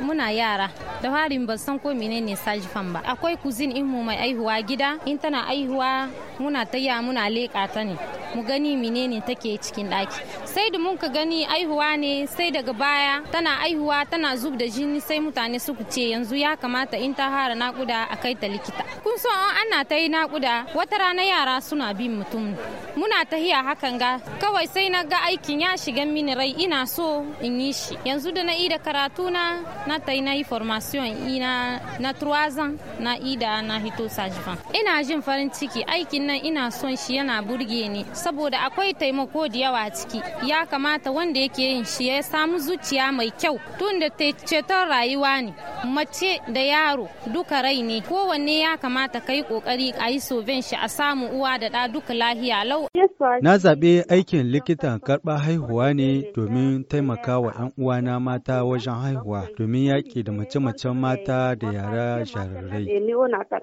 muna yara da farin ba san ko menene sajifan ba akwai kuzin in mu mai aihuwa gida in tana aihuwa muna taya muna leƙa ta ne mu gani menene take cikin ɗaki sai da mun ka gani aihuwa ne sai daga baya tana aihuwa tana zub da jini sai mutane suku ce yanzu ya kamata in ta hara nakuda a kai ta likita kun so an ana ta yi nakuda wata rana yara suna bin mutum muna tahiya hakan ga kawai sai na ga aikin ya shiga mini rai ina so in yi shi yanzu da na ida karatu na na ta yi na yi formation ina na truazan na ida na hito sajifan ina jin farin ciki aikin nan ina son shi yana burge ni saboda akwai taimako da yawa a ciki ya kamata wanda yake yin shi ya samu zuciya mai kyau tun da ceton rayuwa ne mace da yaro duka rai ne kowanne ya kamata ka yi kokari a yi soben shi a samu uwa da ɗa duka lahiya lau na zaɓe aikin likitan karɓar haihuwa ne domin taimaka wa 'yan uwana mata wajen haihuwa domin yaƙi da mace-macen mata da yara jarirai